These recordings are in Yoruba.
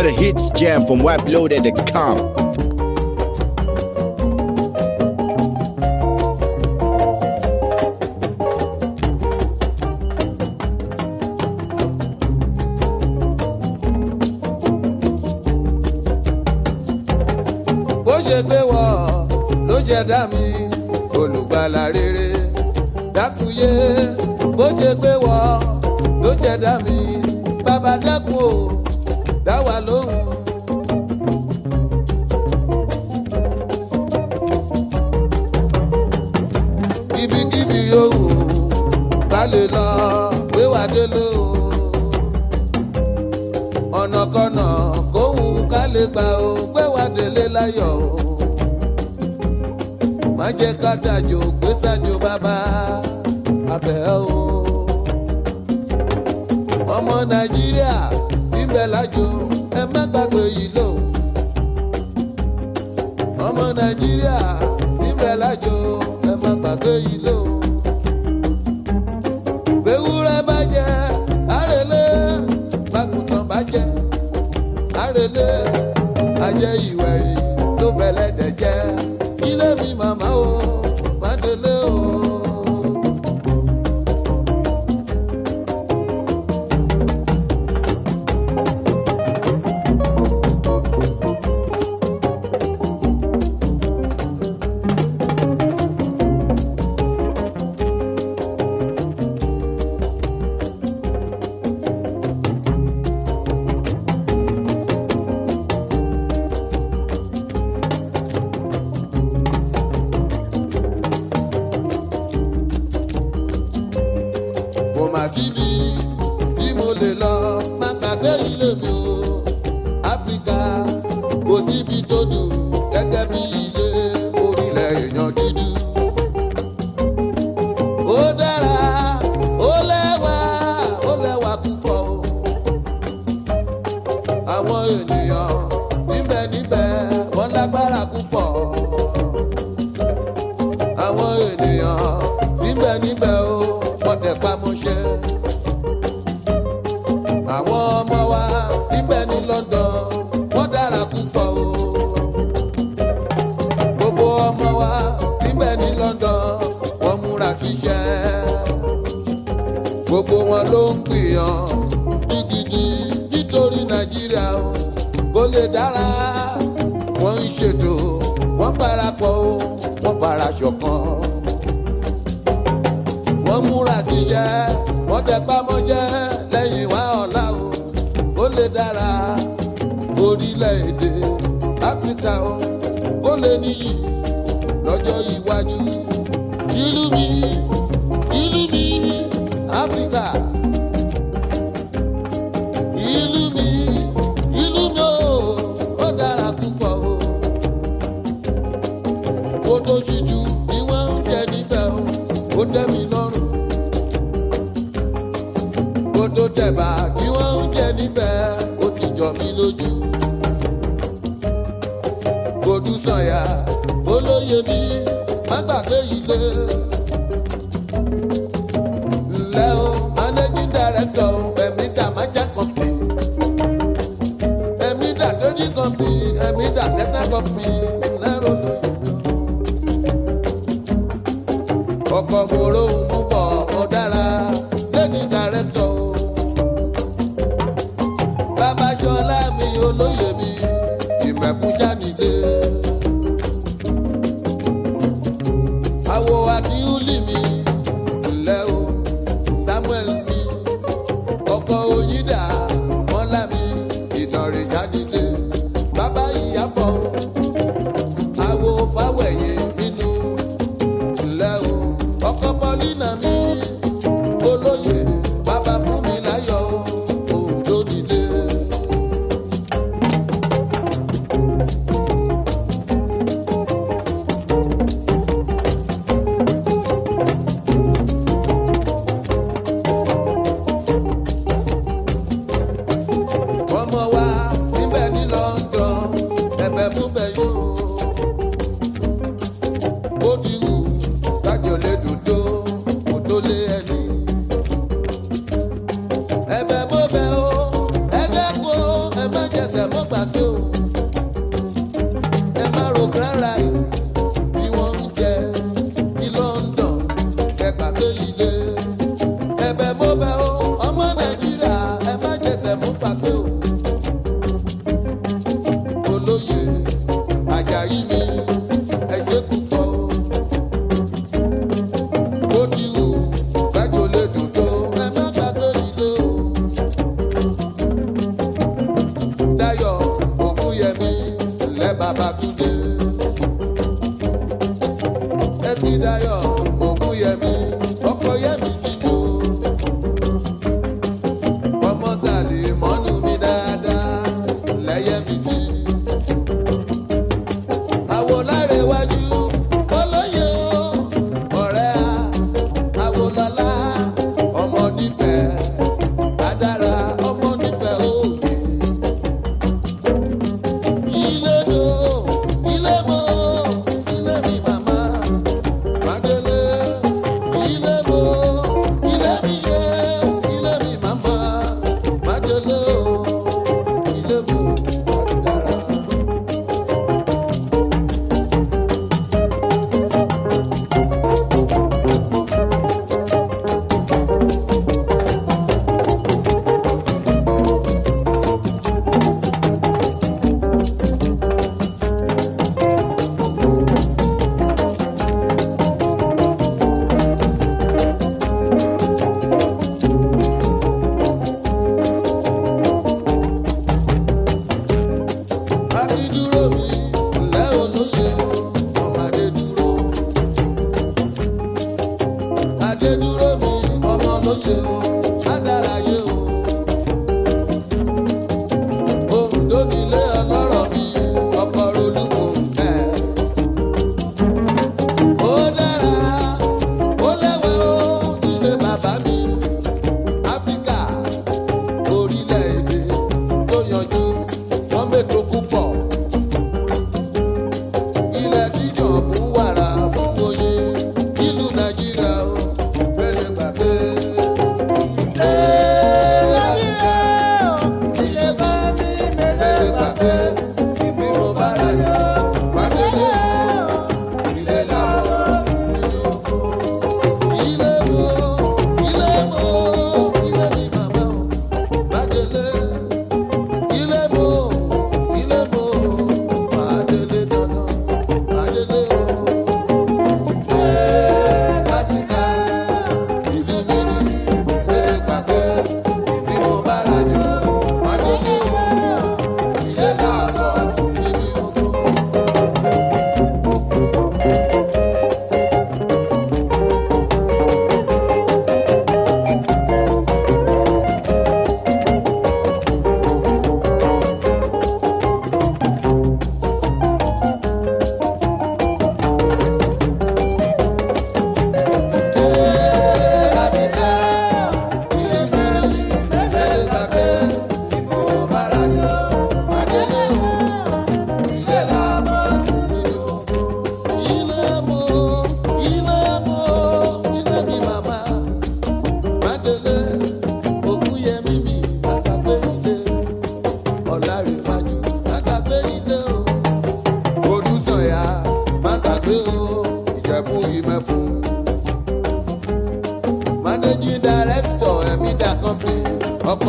another hits jam from whiteloaded.com. ẹ̀dá mi olùgbàlà rere dákúyé bó jẹ gbé wọ ló jẹ dá mi bàbá dákú o lóhùn. kíbíkíbi yòówù bá lè lọ gbé wá délé o. ọ̀nàkọ̀nà kóhùn ká lè gbà o gbé wá délé láyọ̀ o. má jẹ́ ká dàjò gbé sájò bàbá abẹ́ o. ọmọ nàìjíríà ibẹ̀ lájò ẹ má gbàgbé yìí lò ọmọ nàìjíríà níbẹ̀ lájò ẹ má gbàgbé yìí lò. bẹ́wúrẹ́ bá jẹ àrèlé bákùtàn bá jẹ àrèlé ajẹ́ ìwẹ̀ yìí ló bẹ̀lẹ̀ dẹ̀ jẹ́ ilé mi màmá o. Ozibidodo. ọmọ wa níbẹ̀ ní London wọ́n múra fíṣẹ́ gbogbo wọn ló ń gbìyàn gidigidi nítorí Nàìjíríà o kó lè dára wọ́n ń ṣètò wọ́n parapọ̀ o wọ́n para ṣọ̀kan wọ́n múra fíṣẹ́ wọ́n tẹ pamọ́jẹ́ lẹ́yìn wá ọ̀la o kó lè dára orílẹ̀-èdè Áfíríkà o ó lè níyì lọ́jọ́ iwájú. Ìlú mi. me.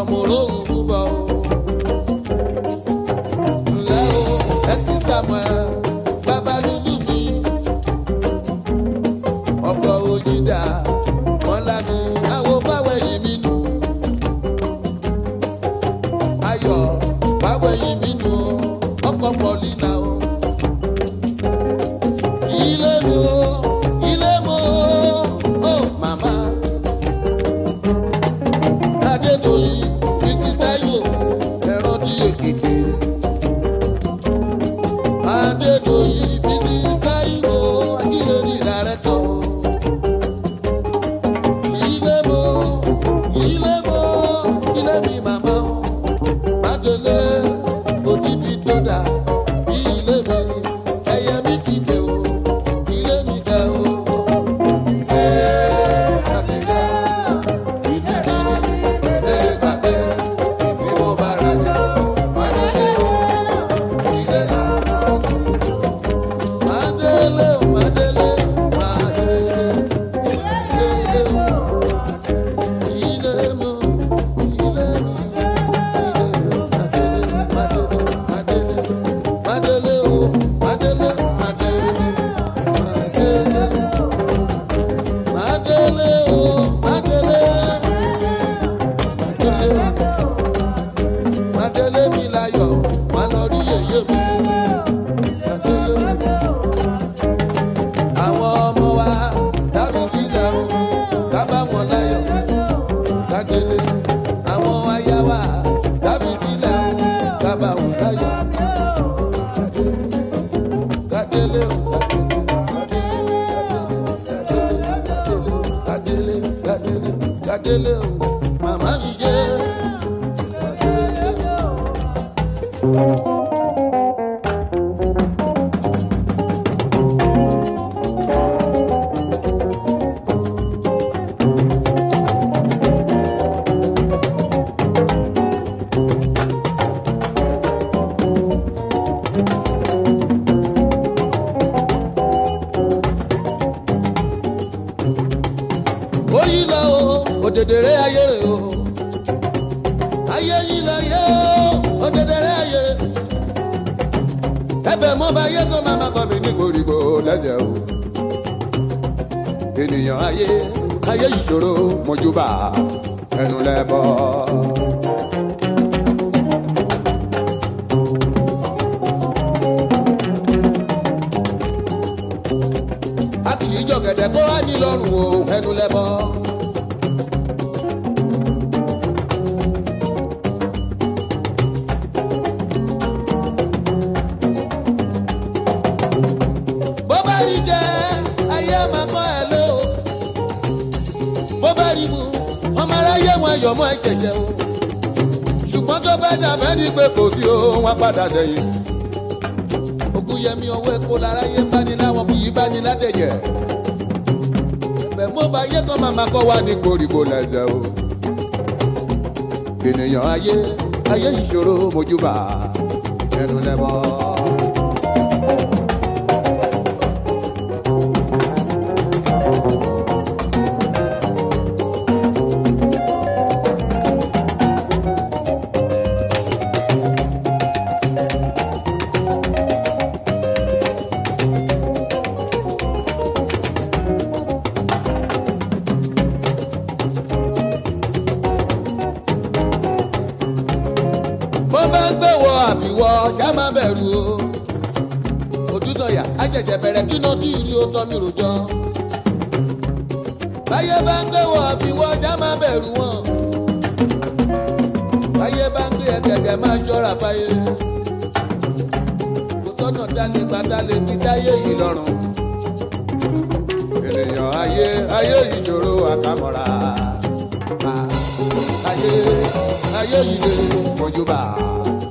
amoroso ènìyàn ayé ayé ìṣòro mojúbà ẹnu lẹ́bọ. a kì í jọ̀gẹ̀dẹ̀ kó wá ní o ẹnu lẹ́bọ. fún ọmọ aráyé wọn yọ̀ mọ́ ìṣẹ̀ṣẹ̀ o ṣùgbọ́n tó bá dàbẹ́ ni pé kò sí o wọn padà dẹ̀yìn. Ògúnyẹmí ọwọ́ epo láráyé bá ní láwọn kùyí bá ní ládẹ̀yẹ̀ bẹ̀mú bá yé kọ́ màmá kọ́ wá ní koríko lẹ́sẹ̀ o ènìyàn ayé ayé ìṣòro mojúbà ẹnu lẹ́bọ̀ọ́. ṣẹ̀fẹ̀rẹ̀ kí náà tí ìrì ó tọ́ mi báyé bá ń gbé wọ̀ bí wọ́n já má bẹ̀rù wọn. báyé bá ń gbé ẹ̀kẹ̀kẹ̀ máa ṣọ́ra báyé. kò sọ́nà dálé gbadálé fi dáyé yìí lọ́rùn. ènìyàn ayé ayé ìṣòro àkàmọ́ra. ayé ayé yìí lè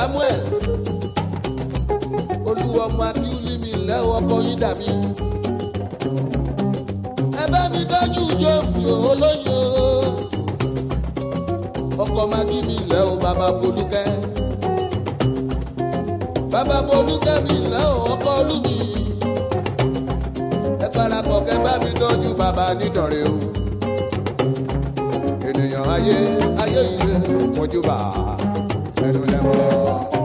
Samuel olúwa ọmọ akíúlí mi lẹ́wọ́ ọkọ yín dàbí. ẹ bá mi dájú jó fi olóyè ọkọ magi mi lẹ́wọ́ bàbá Folúkẹ́ bàbá Folúkẹ́ mi lẹ́wọ́ ọkọ olúmi ẹ parapọ̀ kẹ́ bá mi tọ́jú bàbá nídọ̀rẹ́ o ènìyàn ayé ayé ìlú mọ́jú bàá. 来照亮我。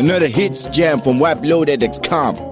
Another hits jam from Wap Loaded.com.